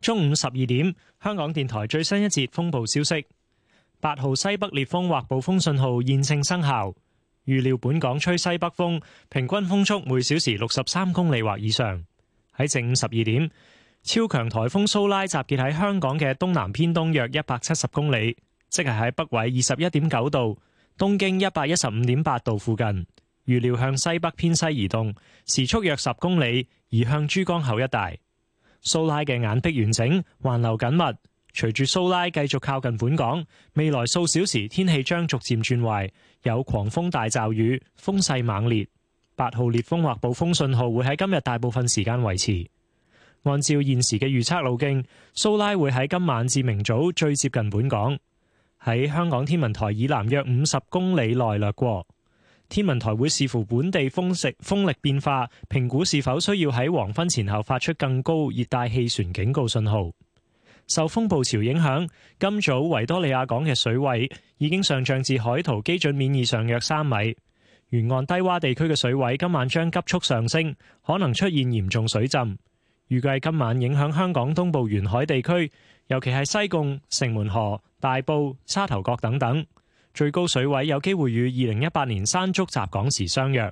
中午十二點，香港電台最新一節風暴消息：八號西北烈風或暴風信號現正生效。預料本港吹西北風，平均風速每小時六十三公里或以上。喺正午十二點，超強台風蘇拉集結喺香港嘅東南偏東約一百七十公里，即係喺北緯二十一點九度、東經一百一十五點八度附近。預料向西北偏西移動，時速約十公里，移向珠江口一帶。蘇拉嘅眼壁完整，環流緊密。隨住蘇拉繼續靠近本港，未來數小時天氣將逐漸轉壞，有狂風大驟雨，風勢猛烈。八號烈風或暴風信號會喺今日大部分時間維持。按照現時嘅預測路徑，蘇拉會喺今晚至明早最接近本港，喺香港天文台以南約五十公里內掠過。天文台會視乎本地風勢風力變化，評估是否需要喺黃昏前後發出更高熱帶氣旋警告信號。受風暴潮影響，今早維多利亞港嘅水位已經上漲至海圖基準面以上約三米，沿岸低窪地區嘅水位今晚將急速上升，可能出現嚴重水浸。預計今晚影響香港東部沿海地區，尤其係西貢、城門河、大埔、沙頭角等等。最高水位有機會與二零一八年山竹襲港時相若，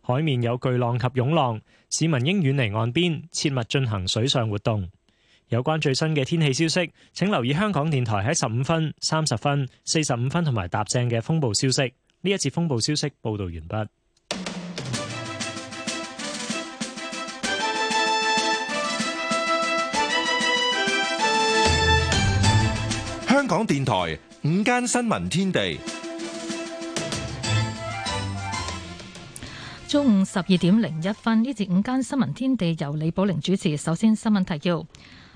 海面有巨浪及湧浪，市民應遠離岸邊，切勿進行水上活動。有關最新嘅天氣消息，請留意香港電台喺十五分、三十分、四十五分同埋搭正嘅風暴消息。呢一次風暴消息報導完畢。香港電台午間新聞天地，中午十二點零一分，呢節五間新聞天地由李寶玲主持。首先新聞提要，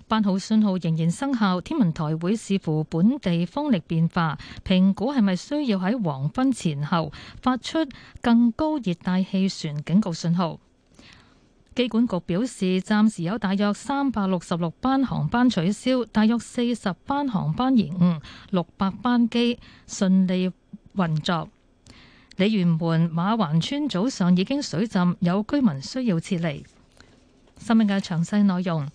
八號信號仍然生效，天文台會視乎本地風力變化，評估係咪需要喺黃昏前後發出更高熱帶氣旋警告信號。機管局表示，暫時有大約三百六十六班航班取消，大約四十班航班延誤，六百班機順利運作。鯉魚門馬環村早上已經水浸，有居民需要撤離。新聞嘅詳細內容。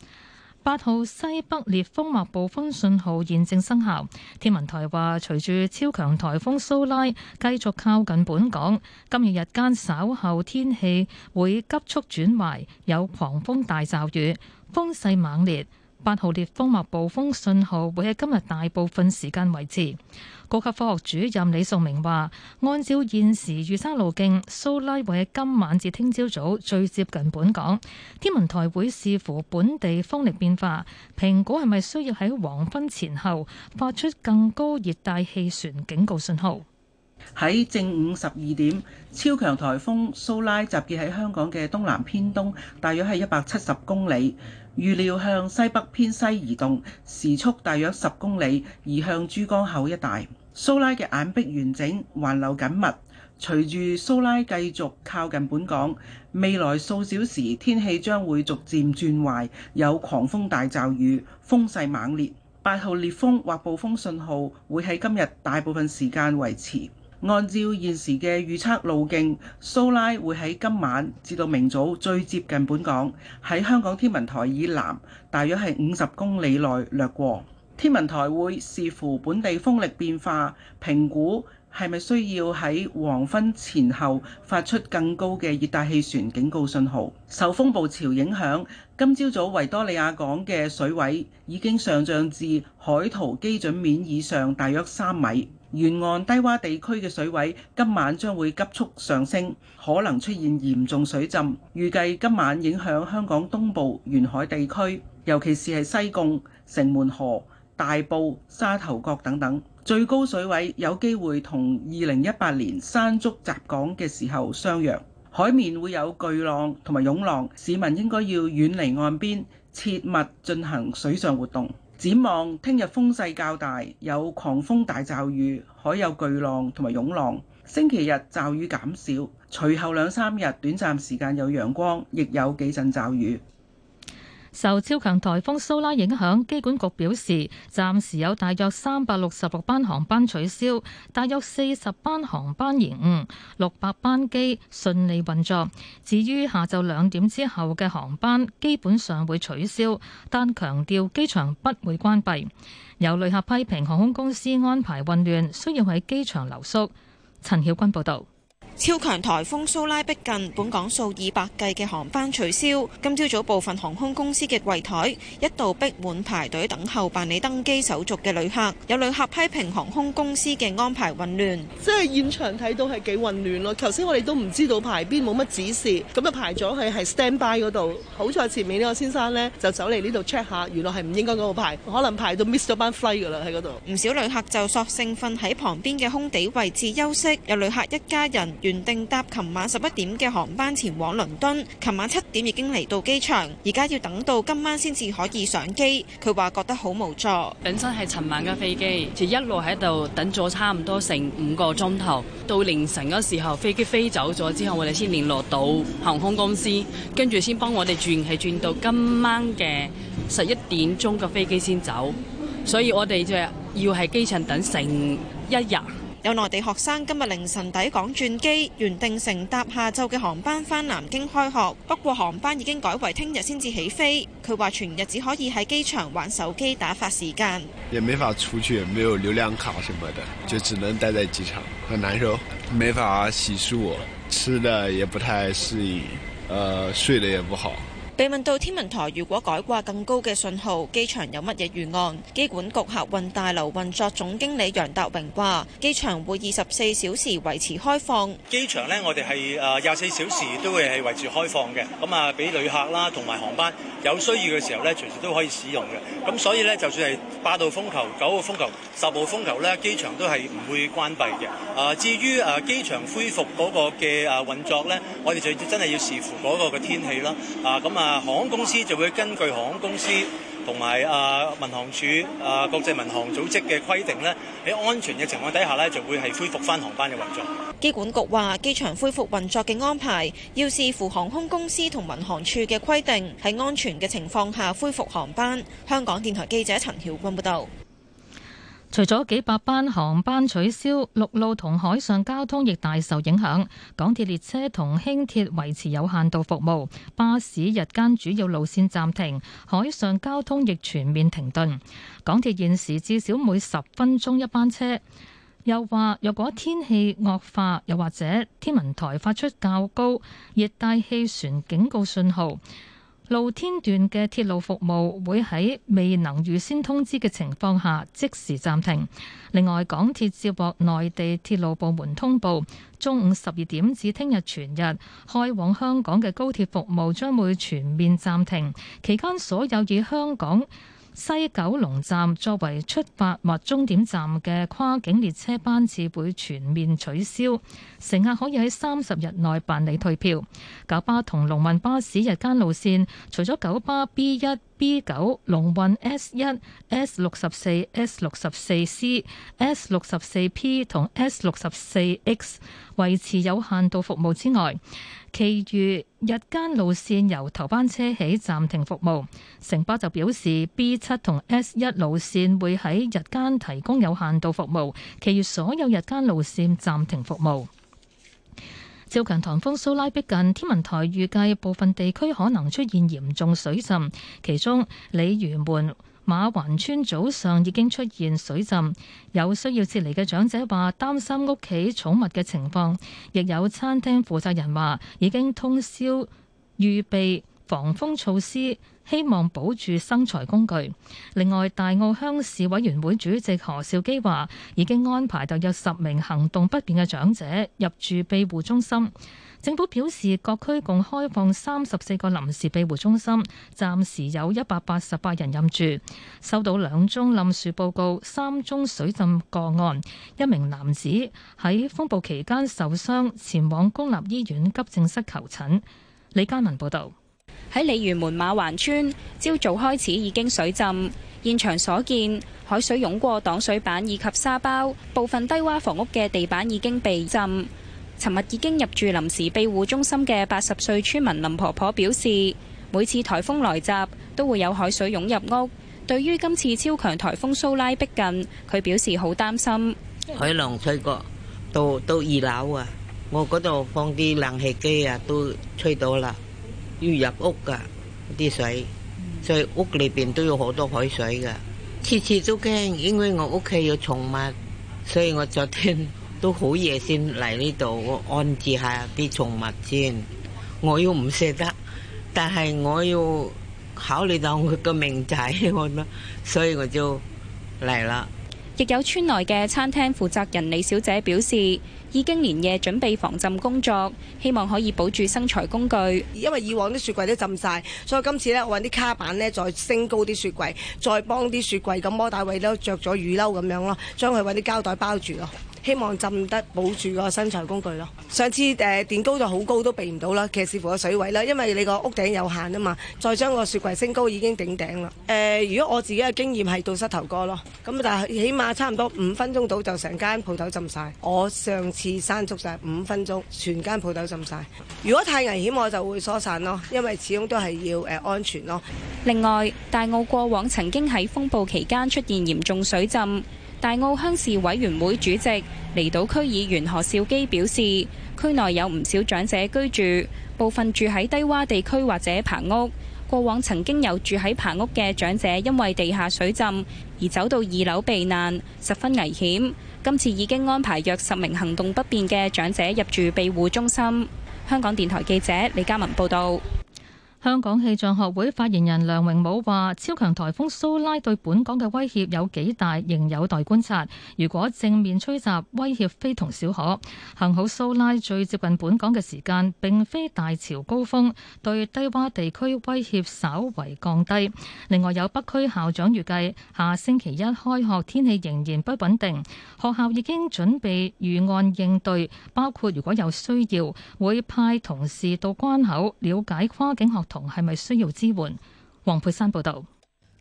八號西北烈風或暴風信號現正生效。天文台話，隨住超強颱風蘇拉繼續靠近本港，今日日間稍後天氣會急速轉壞，有狂風大驟雨，風勢猛烈。八號烈風或暴風信號會喺今日大部分時間維持。高級科學主任李素明話，按照現時預測路徑，蘇拉會喺今晚至聽朝早最接近本港。天文台會視乎本地風力變化，評估係咪需要喺黃昏前後發出更高熱帶氣旋警告信號。喺正午十二點，超強颱風蘇拉集結喺香港嘅東南偏東，大約係一百七十公里，預料向西北偏西移動，時速大約十公里，移向珠江口一帶。蘇拉嘅眼壁完整，環流緊密。隨住蘇拉繼續靠近本港，未來數小時天氣將會逐漸轉壞，有狂風大驟雨，風勢猛烈。八號烈風或暴風信號會喺今日大部分時間維持。按照現時嘅預測路徑，蘇拉會喺今晚至到明早最接近本港，喺香港天文台以南大約係五十公里內掠過。天文台會視乎本地風力變化，評估係咪需要喺黃昏前後發出更高嘅熱帶氣旋警告信號。受風暴潮影響，今朝早維多利亞港嘅水位已經上漲至海圖基準面以上大約三米。沿岸低洼地區嘅水位今晚將會急速上升，可能出現嚴重水浸。預計今晚影響香港東部沿海地區，尤其是係西貢、城門河、大埔、沙頭角等等。最高水位有機會同二零一八年山竹襲港嘅時候相若，海面會有巨浪同埋湧浪，市民應該要遠離岸邊，切勿進行水上活動。展望聽日風勢較大，有狂風大驟雨，海有巨浪同埋湧浪。星期日驟雨減少，隨後兩三日短暫時間有陽光，亦有幾陣驟雨。受超強台風蘇拉影響，機管局表示，暫時有大約三百六十六班航班取消，大約四十班航班延誤，六百班機順利運作。至於下晝兩點之後嘅航班，基本上會取消，但強調機場不會關閉。有旅客批評航空公司安排混亂，需要喺機場留宿。陳曉君報導。超強颱風蘇拉逼近，本港數以百計嘅航班取消。今朝早部分航空公司嘅櫃台一度逼滿排隊等候辦理登機手續嘅旅客，有旅客批評航空公司嘅安排混亂。即係現場睇到係幾混亂咯，頭先我哋都唔知道排邊，冇乜指示，咁啊排咗去係 standby 嗰度，好在前面呢個先生呢就走嚟呢度 check 下，原來係唔應該嗰度排，可能排到 miss 咗班 Fly 噶啦喺嗰度。唔少旅客就索性瞓喺旁邊嘅空地位置休息，有旅客一家人。原定搭琴晚十一點嘅航班前往倫敦，琴晚七點已經嚟到機場，而家要等到今晚先至可以上機。佢話覺得好無助，本身係尋晚嘅飛機，就一路喺度等咗差唔多成五個鐘頭，到凌晨嗰時候飛機飛走咗之後，我哋先聯絡到航空公司，跟住先幫我哋轉，係轉到今晚嘅十一點鐘嘅飛機先走，所以我哋就要喺機場等成一日。有內地學生今日凌晨抵港轉機，原定乘搭下晝嘅航班返南京開學，不過航班已經改為聽日先至起飛。佢話全日只可以喺機場玩手機打發時間。也沒法出去，沒有流量卡什麼的，就只能待在機場，很難受。沒法洗漱，吃的也不太適應，呃，睡得也不好。被問到天文台如果改掛更高嘅信號，機場有乜嘢預案？機管局客運大樓運作總經理楊達榮話，機場會二十四小時維持開放。機場咧，我哋係誒廿四小時都會係維持開放嘅，咁啊，俾旅客啦同埋航班有需要嘅時候咧，隨時都可以使用嘅。咁所以咧，就算係八號風球、九號風球、十號風球咧，機場都係唔會關閉嘅。啊，至於誒機場恢復個嘅誒運作咧，我哋就真係要視乎個個嘅天氣啦。啊，咁啊。航空公司就會根據航空公司同埋啊民航處啊國際民航組織嘅規定咧，喺安全嘅情況底下咧，就會係恢復返航班嘅運作。機管局話，機場恢復運作嘅安排要視乎航空公司同民航處嘅規定，喺安全嘅情況下恢復航班。香港電台記者陳曉君報道。除咗幾百班航班取消，陸路同海上交通亦大受影響。港鐵列車同輕鐵維持有限度服務，巴士日間主要路線暫停，海上交通亦全面停頓。港鐵現時至少每十分鐘一班車。又話，若果天氣惡化，又或者天文台發出較高熱帶氣旋警告信號，露天段嘅鐵路服務會喺未能預先通知嘅情況下，即時暫停。另外，港鐵接獲內地鐵路部門通報中午十二點至聽日全日，開往香港嘅高鐵服務將會全面暫停。期間所有以香港西九龍站作為出發或終點站嘅跨境列車班次會全面取消，乘客可以喺三十日內辦理退票。九巴同龍運巴士日間路線，除咗九巴 B 一、B 九、龍運 S 一、S 六十四、S 六十四 C、S 六十四 P 同 S 六十四 X，維持有限度服務之外，其餘日間路線由頭班車起暫停服務。城巴就表示，B 七同 S 一路線會喺日間提供有限度服務，其餘所有日間路線暫停服務。超強颱風蘇拉逼近，天文台預計部分地區可能出現嚴重水浸，其中鯉魚門馬環村早上已經出現水浸，有需要撤離嘅長者話擔心屋企寵物嘅情況，亦有餐廳負責人話已經通宵預備防風措施，希望保住生財工具。另外，大澳鄉事委員會主席何兆基話已經安排到約十名行動不便嘅長者入住庇護中心。政府表示，各區共開放三十四個臨時庇護中心，暫時有一百八十八人入住。收到兩宗冧樹報告，三宗水浸個案。一名男子喺風暴期間受傷，前往公立醫院急症室求診。李嘉文報道。喺鯉魚門馬環村，朝早開始已經水浸。現場所見，海水湧過擋水板以及沙包，部分低窪房屋嘅地板已經被浸。尋日已經入住臨時庇護中心嘅八十歲村民林婆婆表示，每次台風來襲都會有海水湧入屋。對於今次超強台風蘇拉逼近，佢表示好擔心，海浪吹過到到二樓啊，我嗰度放啲冷氣機啊都吹到啦，要入屋噶啲水，所以屋裏面都有好多海水噶。次次都驚，因為我屋企有寵物，所以我昨天，都好夜先嚟呢度安置下啲寵物先。我要唔捨得，但係我要考慮到佢個命仔，我覺得，所以我就嚟啦。亦有村內嘅餐廳負責人李小姐表示，已經連夜準備防浸工作，希望可以保住生財工具。因為以往啲雪櫃都浸晒，所以今次呢，我揾啲卡板呢再升高啲雪櫃，再幫啲雪櫃咁摩打位都着咗雨褸咁樣咯，將佢揾啲膠袋包住咯。希望浸得保住個生產工具咯。上次誒、呃、墊高咗好高都避唔到啦，其實視乎個水位啦，因為你個屋頂有限啊嘛，再將個雪櫃升高已經頂頂啦。誒、呃，如果我自己嘅經驗係到膝頭哥咯，咁但係起碼差唔多五分鐘到就成間鋪頭浸晒。我上次山竹就係五分鐘，全間鋪頭浸晒。如果太危險我就會疏散咯，因為始終都係要誒安全咯。另外，大澳過往曾經喺風暴期間出現嚴重水浸。大澳鄉事委員會主席離島區議員何兆基表示，區內有唔少長者居住，部分住喺低洼地區或者棚屋。過往曾經有住喺棚屋嘅長者，因為地下水浸而走到二樓避難，十分危險。今次已經安排約十名行動不便嘅長者入住庇護中心。香港電台記者李嘉文報道。香港氣象學會發言人梁榮武話超強颱風蘇拉對本港嘅威脅有幾大，仍有待觀察。如果正面吹襲威脅非同小可。幸好蘇拉最接近本港嘅時間並非大潮高峰，對低洼地區威脅稍為降低。另外有北區校長預計下星期一開學天氣仍然不穩定，學校已經準備預案應對，包括如果有需要會派同事到關口了解跨境學生。同係咪需要支援？黃佩珊報道：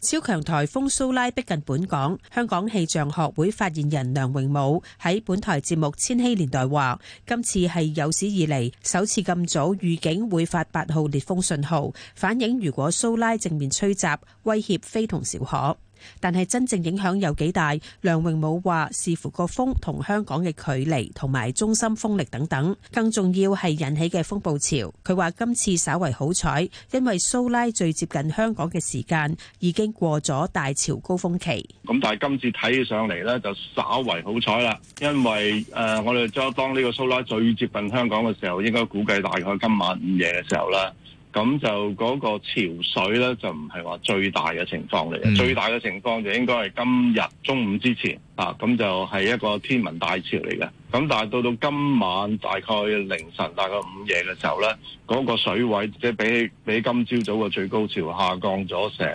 超強台風蘇拉逼近本港，香港氣象學會發言人梁榮武喺本台節目《千禧年代》話，今次係有史以嚟首次咁早預警會發八號烈風信號，反映如果蘇拉正面吹襲，威脅非同小可。但係真正影響有幾大？梁榮武話視乎個風同香港嘅距離同埋中心風力等等，更重要係引起嘅風暴潮。佢話今次稍為好彩，因為蘇拉最接近香港嘅時間已經過咗大潮高峰期。咁但係今次睇起上嚟呢，就稍為好彩啦，因為誒我哋將當呢個蘇拉最接近香港嘅時候，應該估計大概今晚午夜嘅時候啦。咁就嗰個潮水咧，就唔係話最大嘅情況嚟嘅，嗯、最大嘅情況就應該係今日中午之前啊，咁就係一個天文大潮嚟嘅。咁但係到到今晚大概凌晨大概午夜嘅時候咧，嗰、嗰個水位即係、即係、比比今朝早嘅最高潮下降咗成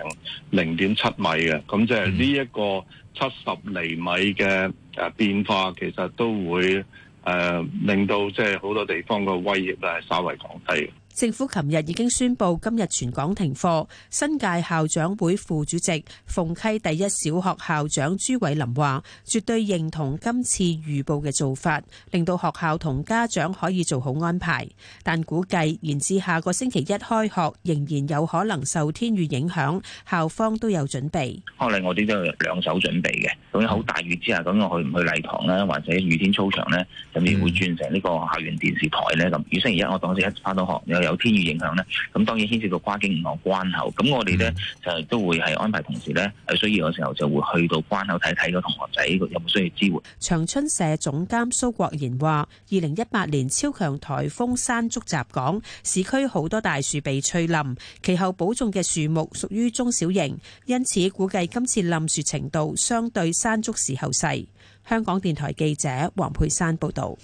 零點七米嘅，咁即係呢一個七十厘米嘅誒變化，其實都會誒、呃、令到即係好多地方嘅威脅咧係稍微降低。政府琴日已經宣布今日全港停課。新界校長會副主席鳳溪第一小學校長朱偉林話，絕對認同今次預報嘅做法，令到學校同家長可以做好安排。但估計延至下個星期一開學，仍然有可能受天雨影響，校方都有準備。我哋我哋都有兩手準備嘅，咁樣好大雨之下，咁我去唔去禮堂咧，或者雨天操場呢？甚至會轉成呢個校園電視台呢？咁。而星期一我當時一翻到學有天雨影響咧，咁當然牽涉到跨境五個關口。咁我哋咧就都會係安排同事咧，需要嘅時候就會去到關口睇睇個同學仔，有冇需要支援。長春社總監蘇國賢話，二零一八年超強颱風山竹襲港，市區好多大樹被吹冧，其後補種嘅樹木屬於中小型，因此估計今次冧樹程度相對山竹時候細。香港電台記者黃佩珊報道。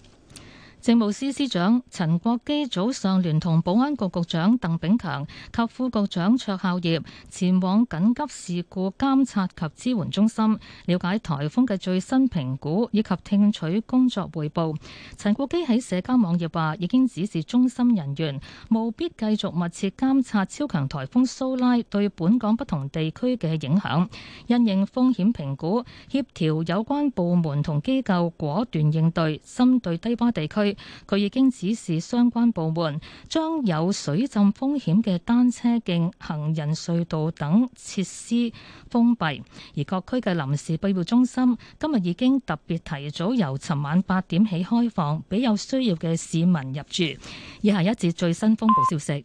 政務司司長陳國基早上聯同保安局局長鄧炳強及副局長卓孝業前往緊急事故監察及支援中心，了解台風嘅最新評估以及聽取工作匯報。陳國基喺社交網頁話，已經指示中心人員務必繼續密切監察超強台風蘇拉對本港不同地區嘅影響，因應風險評估，協調有關部門同機構果斷應對，針對低洼地區。佢已經指示相關部門將有水浸風險嘅單車徑、行人隧道等設施封閉，而各區嘅臨時庇護中心今日已經特別提早由尋晚八點起開放，俾有需要嘅市民入住。以下一節最新風暴消息。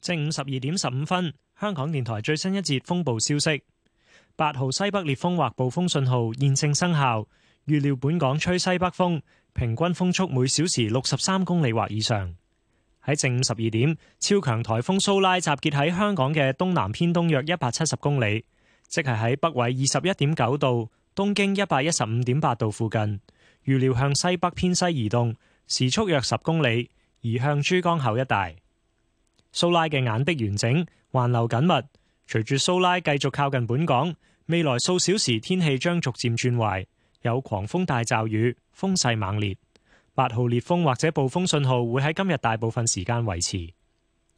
正午十二點十五分，香港電台最新一節風暴消息。八號西北烈風或暴風信號現正生效，預料本港吹西北風，平均風速每小時六十三公里或以上。喺正午十二點，超強台風蘇拉集結喺香港嘅東南偏東約一百七十公里，即係喺北緯二十一點九度、東經一百一十五點八度附近。預料向西北偏西移動，時速約十公里，移向珠江口一帶。蘇拉嘅眼壁完整，環流緊密。隨住蘇拉繼續靠近本港，未來數小時天氣將逐漸轉壞，有狂風大驟雨，風勢猛烈。八號烈風或者暴風信號會喺今日大部分時間維持。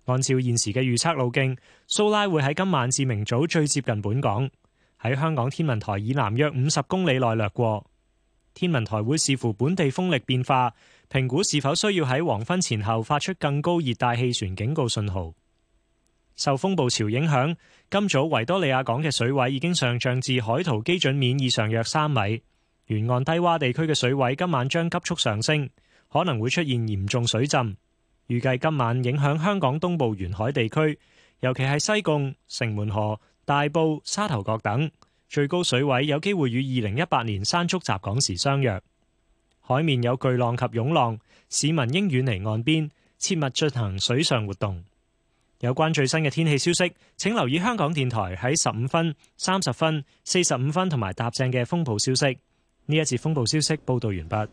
按照現時嘅預測路徑，蘇拉會喺今晚至明早最接近本港，喺香港天文台以南約五十公里內掠過。天文台會視乎本地風力變化，評估是否需要喺黃昏前後發出更高熱帶氣旋警告信號。受風暴潮影響，今早維多利亞港嘅水位已經上漲至海圖基準面以上約三米，沿岸低窪地區嘅水位今晚將急速上升，可能會出現嚴重水浸。預計今晚影響香港東部沿海地區，尤其係西貢、城門河、大埔、沙頭角等，最高水位有機會與二零一八年山竹襲港時相若。海面有巨浪及湧浪，市民應遠離岸邊，切勿進行水上活動。有關最新嘅天氣消息，請留意香港電台喺十五分、三十分、四十五分同埋搭正嘅風暴消息。呢一次風暴消息報道完畢，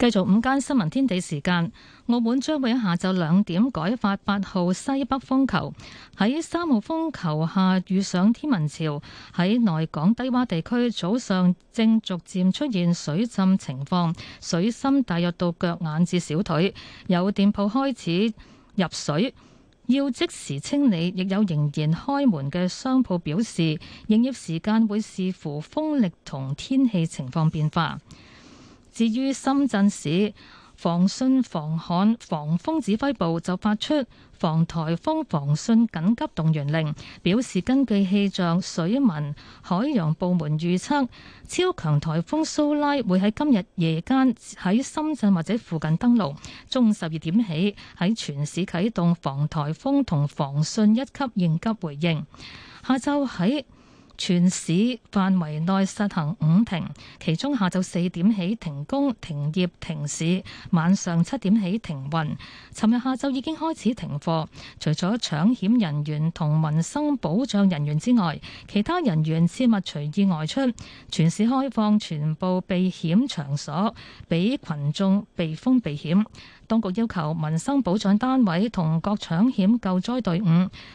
繼續午間新聞天地時間。澳門將會喺下晝兩點改發八號西北風球，喺三號風球下遇上天文潮，喺內港低窪地區早上正逐漸出現水浸情況，水深大約到腳眼至小腿，有店鋪開始入水。要即時清理，亦有仍然開門嘅商鋪表示，營業時間會視乎風力同天氣情況變化。至於深圳市，防汛防旱防風指揮部就發出防台風防汛緊急動員令，表示根據氣象、水文、海洋部門預測，超強颱風蘇拉會喺今日夜間喺深圳或者附近登陸。中午十二點起喺全市啟動防台風同防汛一級應急回應，下晝喺。全市範圍內實行五停，其中下晝四點起停工、停業、停市；晚上七點起停運。尋日下晝已經開始停課，除咗搶險人員同民生保障人員之外，其他人員切勿隨意外出。全市開放全部避險場所，俾群眾避風避險。當局要求民生保障單位同各搶險救災隊伍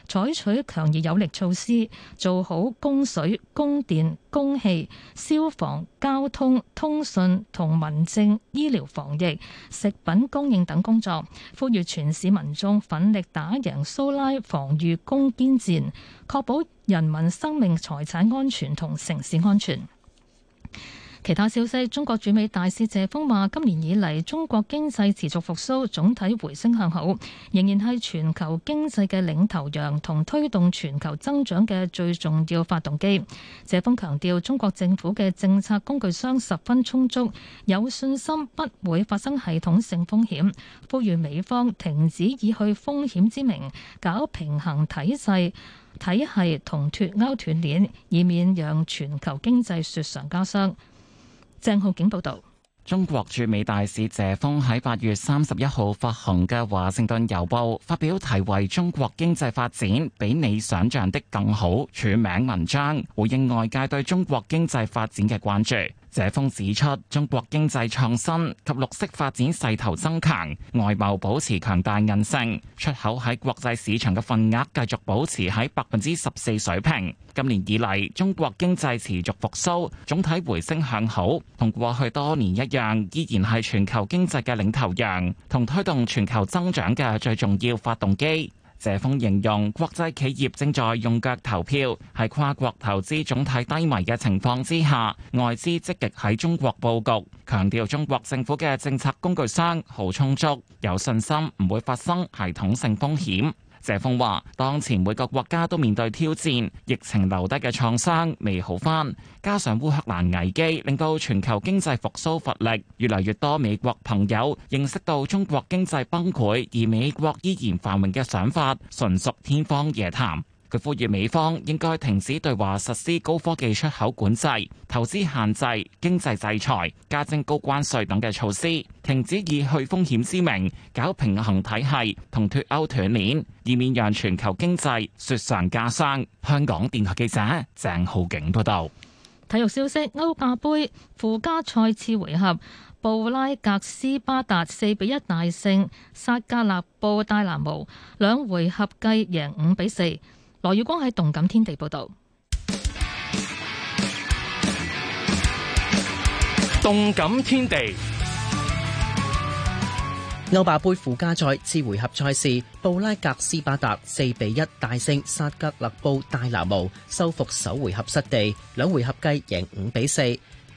採取強而有力措施，做好供水、供電、供氣、消防、交通、通訊同民政、醫療、防疫、食品供應等工作，呼籲全市民眾奮力打贏蘇拉防禦攻堅戰，確保人民生命財產安全同城市安全。其他消息，中國駐美大使謝鋒話：今年以嚟，中國經濟持續復甦，總體回升向好，仍然係全球經濟嘅領頭羊，同推動全球增長嘅最重要發動機。謝鋒強調，中國政府嘅政策工具箱十分充足，有信心不會發生系統性風險。呼籲美方停止以去風險之名搞平衡體制，體系同脫鉤斷鏈，以免讓全球經濟雪上加霜。鄭浩景報道，中國駐美大使謝鋒喺八月三十一號發行嘅《華盛頓郵報》發表題為《中國經濟發展比你想象的更好》署名文章，回應外界對中國經濟發展嘅關注。謝鋒指出，中國經濟創新及綠色發展勢頭增強，外貿保持強大韌性，出口喺國際市場嘅份額繼續保持喺百分之十四水平。今年以嚟，中國經濟持續復甦，總體回升向好，同過去多年一樣，依然係全球經濟嘅領頭羊，同推動全球增長嘅最重要發動機。謝鋒形容國際企業正在用腳投票，喺跨國投資總體低迷嘅情況之下，外資積極喺中國佈局，強調中國政府嘅政策工具箱好充足，有信心唔會發生系統性風險。謝鋒話：當前每個國家都面對挑戰，疫情留低嘅創傷未好返，加上烏克蘭危機，令到全球經濟復甦乏力。越嚟越多美國朋友認識到中國經濟崩潰而美國依然繁榮嘅想法，純屬天方夜譚。佢呼籲美方應該停止對華實施高科技出口管制、投資限制、經濟制裁、加徵高關稅等嘅措施，停止以去風險之名搞平行體系同脫鈎斷鏈，以免讓全球經濟雪上加霜。香港電台記者鄭浩景報道。體育消息：歐霸杯附加賽次回合，布拉格斯巴達四比一大勝沙加勒布戴拿模，兩回合計贏五比四。羅耀光喺動感天地報道。動感天地歐霸盃附加賽次回合賽事，布拉格斯巴達四比一大勝薩格勒布大拿姆，收復首回合失地，兩回合計贏五比四。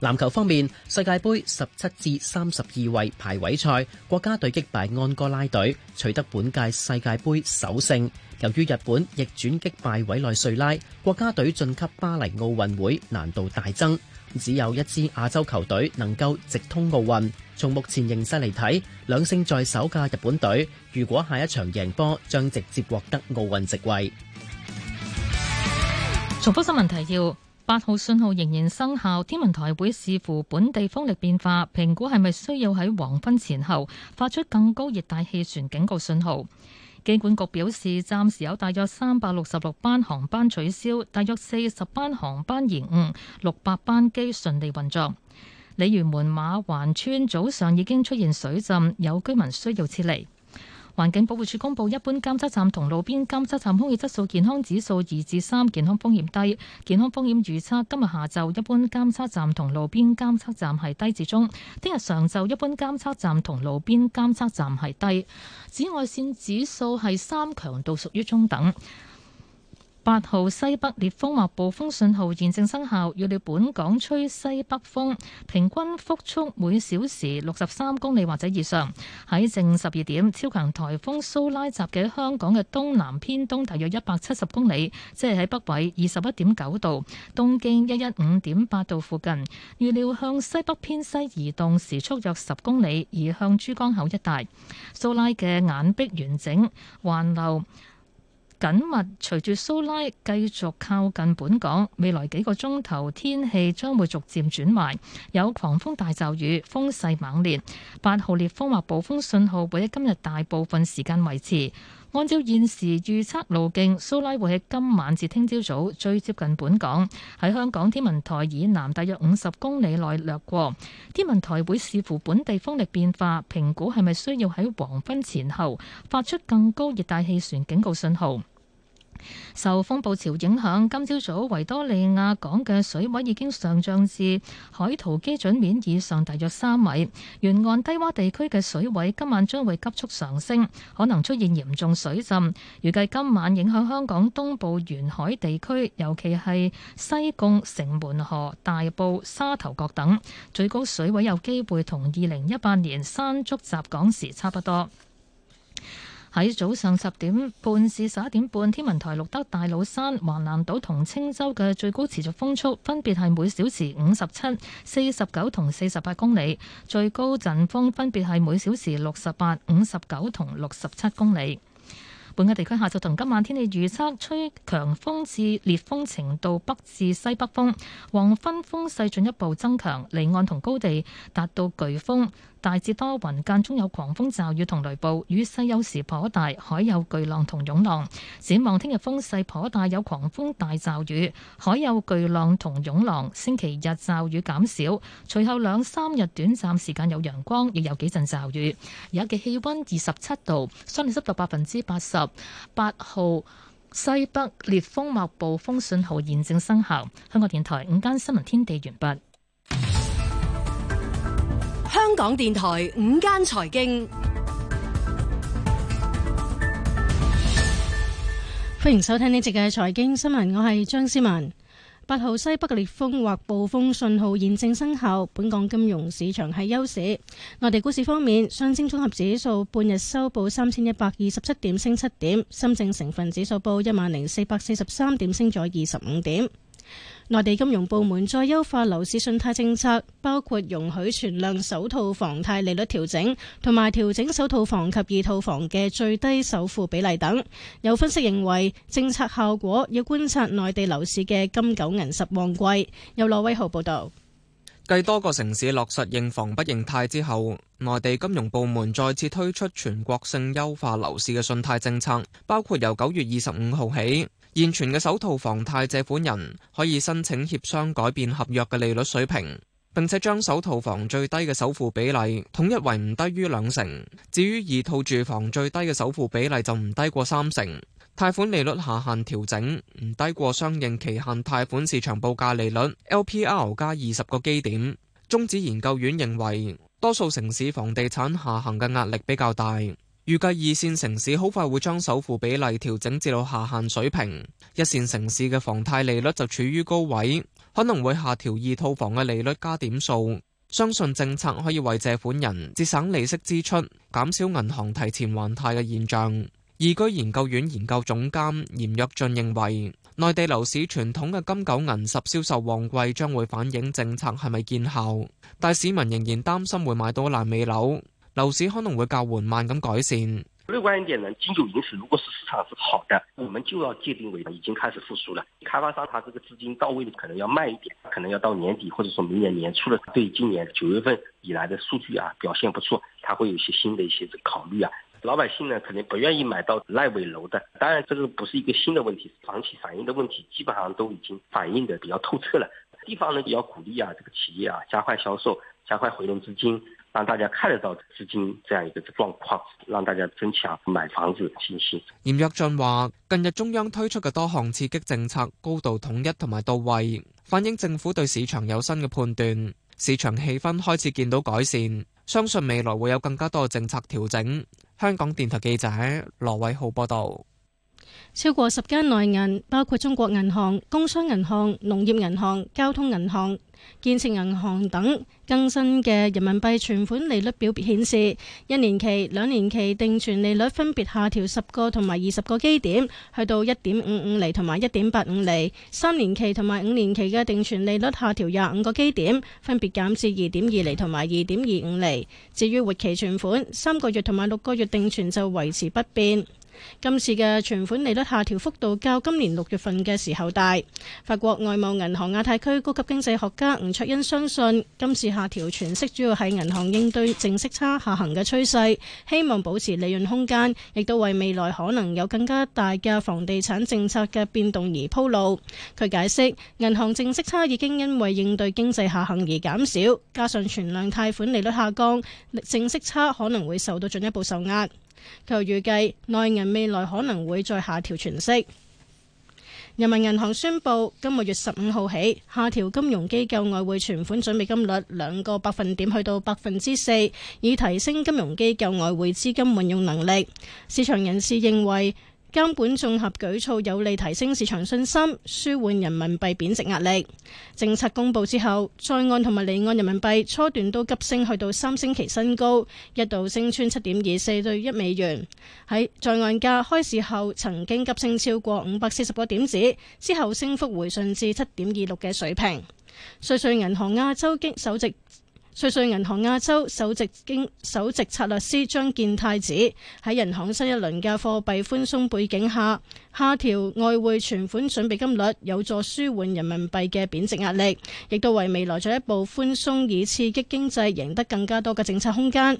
籃球方面，世界杯十七至三十二位排位賽，國家隊擊敗安哥拉隊，取得本屆世界杯首勝。由於日本逆轉擊敗委內瑞拉，國家隊晉級巴黎奧運會難度大增，只有一支亞洲球隊能夠直通奧運。從目前形勢嚟睇，兩勝在手嘅日本隊，如果下一場贏波，將直接獲得奧運席位。重複新聞提要。八號信號仍然生效，天文台會視乎本地風力變化，評估係咪需要喺黃昏前後發出更高熱帶氣旋警告信號。機管局表示，暫時有大約三百六十六班航班取消，大約四十班航班延誤，六百班機順利運作。鯉魚門馬環村早上已經出現水浸，有居民需要撤離。環境保護署公布，一般監測站同路邊監測站空氣質素健康指數二至三，健康風險低。健康風險預測，今日下晝一般監測站同路邊監測站係低至中，聽日上晝一般監測站同路邊監測站係低。紫外線指數係三，強度屬於中等。八號西北烈風或暴風信號現正生效，預料本港吹西北風，平均風速每小時六十三公里或者以上。喺正十二點，超強颱風蘇拉襲嘅香港嘅東南偏東，大約一百七十公里，即係喺北緯二十一點九度、東經一一五點八度附近。預料向西北偏西移動，時速約十公里，移向珠江口一帶。蘇拉嘅眼壁完整，環流緊密，隨住蘇拉繼續靠近本港，未來幾個鐘頭天氣將會逐漸轉壞，有狂風大驟雨，風勢猛烈，八號烈風或暴風信號會喺今日大部分時間維持。按照現時預測路徑，蘇拉會喺今晚至聽朝早，早最接近本港，喺香港天文台以南大約五十公里內掠過。天文台會視乎本地風力變化，評估係咪需要喺黃昏前後發出更高熱帶氣旋警告信號。受風暴潮影響，今朝早，早維多利亞港嘅水位已經上漲至海圖基準面以上大約三米，沿岸低窪地區嘅水位今晚將會急速上升，可能出現嚴重水浸。預計今晚影響香港東部沿海地區，尤其係西貢、城門河、大埔沙頭角等，最高水位有機會同二零一八年山竹襲港時差不多。喺早上十點半至十一點半，天文台錄得大老山、橫瀾島同青洲嘅最高持續風速分別係每小時五十七、四十九同四十八公里，最高陣風分別係每小時六十八、五十九同六十七公里。本港地區下晝同今晚天氣預測，吹強風至烈風程度，北至西北風，黃昏風勢進一步增強，離岸同高地達到颶風。大致多雲，間中有狂風驟雨同雷暴，雨勢有時頗大，海有巨浪同湧浪。展望聽日風勢頗大，有狂風大驟雨，海有巨浪同湧浪。星期日驟雨減少，隨後兩三日短暫時間有陽光，亦有幾陣驟雨。而家嘅氣溫二十七度，相對濕度百分之八十，八號西北烈風或暴風信號現正生效。香港電台午間新聞天地完畢。香港電台午間財經，歡迎收聽呢集嘅財經新聞，我係張思文。八號西北嘅烈風或暴風信號現正生效，本港金融市場係休市。內地股市方面，上證綜合指數半日收報三千一百二十七點，升七點；深證成分指數報一萬零四百四十三點，升咗二十五點。內地金融部門再優化樓市信貸政策，包括容許存量首套房貸利率調整，同埋調整首套房及二套房嘅最低首付比例等。有分析認為，政策效果要觀察內地樓市嘅金九銀十旺季。由羅威豪報道，繼多個城市落實認房不認貸之後，內地金融部門再次推出全國性優化樓市嘅信貸政策，包括由九月二十五號起，現存嘅首套房貸借款人可以申請協商改變合約嘅利率水平，並且將首套房最低嘅首付比例統一為唔低於兩成。至於二套住房最低嘅首付比例就唔低過三成。貸款利率下限調整唔低過相應期限貸款市場報價利率 （LPR） 加二十個基點。中指研究院認為多數城市房地產下行嘅壓力比較大。預計二線城市好快會將首付比例調整至到下限水平，一線城市嘅房貸利率就處於高位，可能會下調二套房嘅利率加點數。相信政策可以為借款人節省利息支出，減少銀行提前還貸嘅現象。易居研究院研究總監嚴躍進認為，內地樓市傳統嘅金九銀十銷售旺季將會反映政策係咪見效，但市民仍然擔心會買到爛尾樓。樓市可能會較緩慢咁改善。樂觀一點呢，金九銀十如果是市場是好的，我們就要界定為已經開始復蘇了。開發商他這個資金到位的可能要慢一點，可能要到年底或者說明年年初了。對今年九月份以來的數據啊表現不錯，他會有一些新的一些考慮啊。老百姓呢可能不願意買到爛尾樓的。當然，這個不是一個新的問題，房企反映的問題基本上都已經反映的比較透徹了。地方呢也要鼓勵啊，這個企業啊加快銷售，加快回籠資金。讓大家看得到資金這樣一個狀況，讓大家增強買房子信心。嚴躍進話：近日中央推出嘅多項刺激政策，高度統一同埋到位，反映政府對市場有新嘅判斷，市場氣氛開始見到改善。相信未來會有更加多嘅政策調整。香港電台記者羅偉浩報道，超過十間內銀，包括中國銀行、工商銀行、農業銀行、交通銀行。建設銀行等更新嘅人民幣存款利率表顯示，一年期、兩年期定存利率分別下調十個同埋二十個基點，去到一點五五厘同埋一點八五厘；三年期同埋五年期嘅定存利率下調廿五個基點，分別減至二點二厘同埋二點二五厘。至於活期存款，三個月同埋六個月定存就維持不變。今次嘅存款利率下調幅度較今年六月份嘅時候大。法國外貿銀行亞太區高級經濟學家吳卓恩相信，今次下調存息主要係銀行應對淨息差下行嘅趨勢，希望保持利潤空間，亦都為未來可能有更加大嘅房地產政策嘅變動而鋪路。佢解釋，銀行淨息差已經因為應對經濟下行而減少，加上存量貸款利率下降，淨息差可能會受到進一步受壓。佢預計內銀未來可能會再下調存息。人民銀行宣布今個月十五號起下調金融機構外匯存款準備金率兩個百分點，去到百分之四，以提升金融機構外匯資金運用能力。市場人士認為，央本綜合舉措有利提升市場信心，舒緩人民幣貶值壓力。政策公佈之後，在岸同埋離岸人民幣初段都急升，去到三星期新高，一度升穿七點二四對一美元。喺在，在岸價開市後曾經急升超過五百四十個點子，之後升幅回順至七點二六嘅水平。瑞穗銀行亞洲經首席瑞士銀行亞洲首席經首席策略師張健泰指，喺人行新一輪嘅貨幣寬鬆背景下，下調外匯存款準備金率有助舒緩人民幣嘅貶值壓力，亦都為未來進一步寬鬆以刺激經濟贏得更加多嘅政策空間。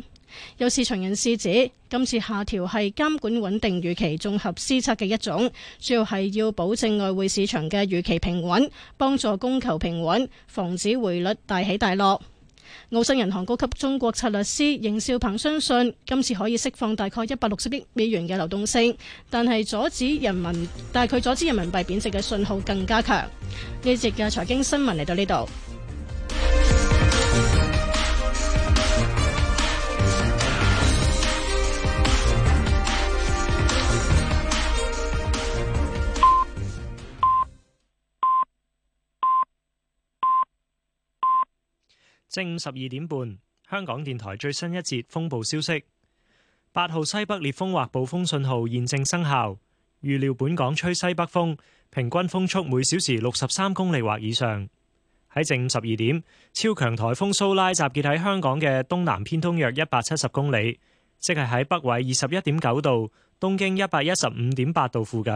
有市場人士指，今次下調係監管穩定預期綜合施策嘅一種，主要係要保證外匯市場嘅預期平穩，幫助供求平穩，防止匯率大起大落。澳新銀行高級中國策略師邢少鵬相信，今次可以釋放大概一百六十億美元嘅流動性，但係阻止人民，但係佢阻止人民幣貶值嘅信號更加強。呢節嘅財經新聞嚟到呢度。正午十二點半，香港電台最新一節風暴消息：八號西北烈風或暴風信號現正生效，預料本港吹西北風，平均風速每小時六十三公里或以上。喺正午十二點，超強颱風蘇拉集結喺香港嘅東南偏東約一百七十公里，即係喺北緯二十一點九度、東經一百一十五點八度附近。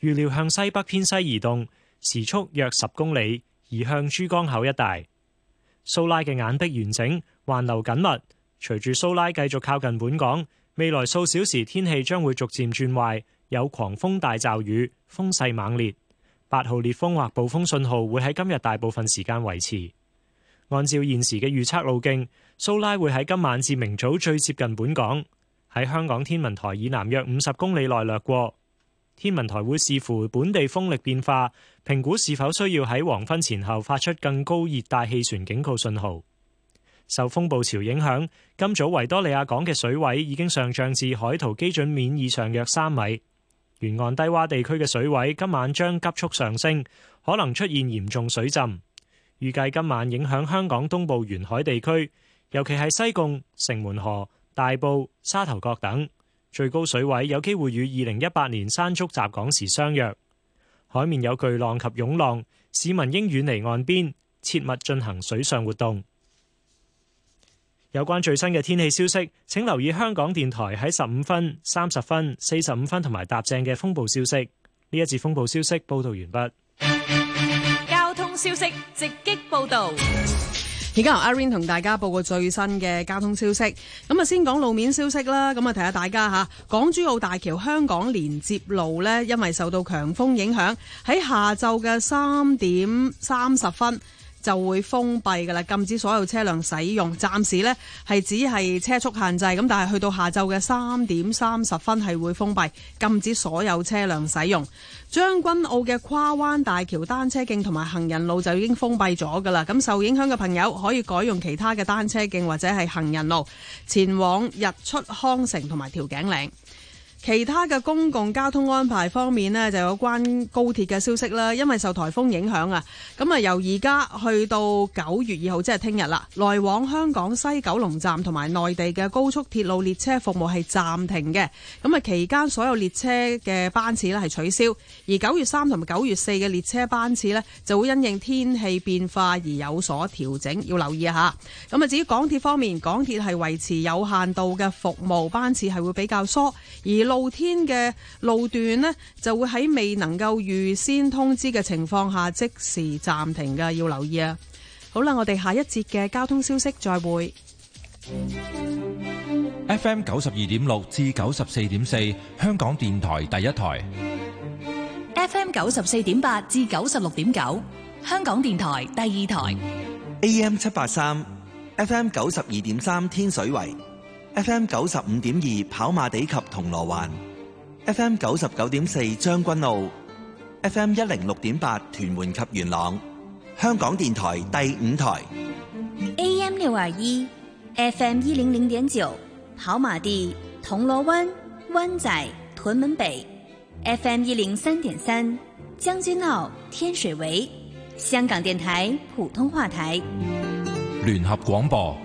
預料向西北偏西移動，時速約十公里，移向珠江口一帶。蘇拉嘅眼壁完整，環流緊密。隨住蘇拉繼續靠近本港，未來數小時天氣將會逐漸轉壞，有狂風大驟雨，風勢猛烈。八號烈風或暴風信號會喺今日大部分時間維持。按照現時嘅預測路徑，蘇拉會喺今晚至明早最接近本港，喺香港天文台以南約五十公里內掠過。天文台會視乎本地風力變化，評估是否需要喺黃昏前後發出更高熱帶氣旋警告信號。受風暴潮影響，今早維多利亞港嘅水位已經上漲至海圖基準面以上約三米，沿岸低洼地區嘅水位今晚將急速上升，可能出現嚴重水浸。預計今晚影響香港東部沿海地區，尤其係西貢、城門河、大埔、沙頭角等。最高水位有機會與二零一八年山竹襲港時相若，海面有巨浪及湧浪，市民應遠離岸邊，切勿進行水上活動。有關最新嘅天氣消息，請留意香港電台喺十五分、三十分、四十五分同埋搭正嘅風暴消息。呢一節風暴消息報道完畢。交通消息直擊報導。而家由阿 rain 同大家報個最新嘅交通消息。咁啊，先講路面消息啦。咁啊，提下大家吓，港珠澳大橋香港連接路呢，因為受到強風影響，喺下晝嘅三點三十分。就會封閉噶啦，禁止所有車輛使用。暫時呢係只係車速限制，咁但係去到下晝嘅三點三十分係會封閉，禁止所有車輛使用。將軍澳嘅跨灣大橋單車徑同埋行人路就已經封閉咗噶啦。咁受影響嘅朋友可以改用其他嘅單車徑或者係行人路，前往日出康城同埋調景嶺。其他嘅公共交通安排方面咧，就有關高鐵嘅消息啦。因為受台風影響啊，咁啊由而家去到九月二號，即係聽日啦，來往香港西九龍站同埋內地嘅高速鐵路列車服務係暫停嘅。咁啊期間所有列車嘅班次咧係取消，而九月三同埋九月四嘅列車班次咧就會因應天氣變化而有所調整，要留意一下。咁啊至於港鐵方面，港鐵係維持有限度嘅服務班次，係會比較疏而。露天嘅路段呢，就會喺未能夠預先通知嘅情況下即時暫停嘅，要留意啊！好啦，我哋下一節嘅交通消息再會。FM 九十二點六至九十四點四，香港電台第一台。FM 九十四點八至九十六點九，香港電台第二台。AM 七八三，FM 九十二點三，天水圍。FM 九十五點二跑馬地及銅鑼灣，FM 九十九點四將軍澳，FM 一零六點八屯門及元朗，香港電台第五台，AM 六二一，FM 一零零點九跑馬地、銅鑼灣、灣仔、屯門北，FM 一零三點三將軍澳、天水圍，香港電台普通話台，聯合廣播。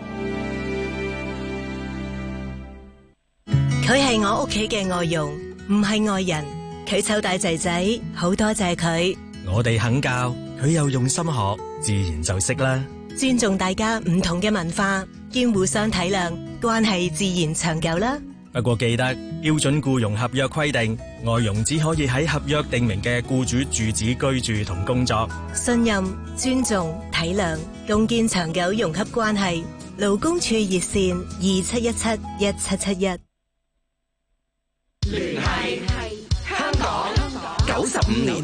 佢係我屋企嘅外傭，唔係外人。佢湊大仔仔，好多謝佢。我哋肯教，佢又用心學，自然就識啦。尊重大家唔同嘅文化，兼互相體諒，關係自然長久啦。不過記得標準僱傭合約規定，外傭只可以喺合約定明嘅僱主住址居住同工作。信任、尊重、體諒，共建長久融洽關係。勞工處熱線：二七一七一七七一。五年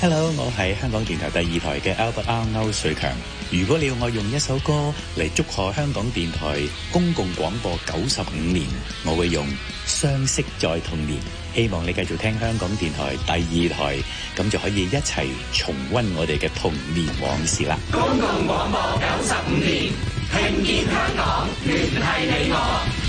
，Hello，我係香港電台第二台嘅 Albert R. 歐瑞強。如果你要我用一首歌嚟祝賀香港電台公共廣播九十五年，我會用《相識在童年》。希望你繼續聽香港電台第二台，咁就可以一齊重溫我哋嘅童年往事啦。公共廣播九十五年，聽見香港，聯繫你我。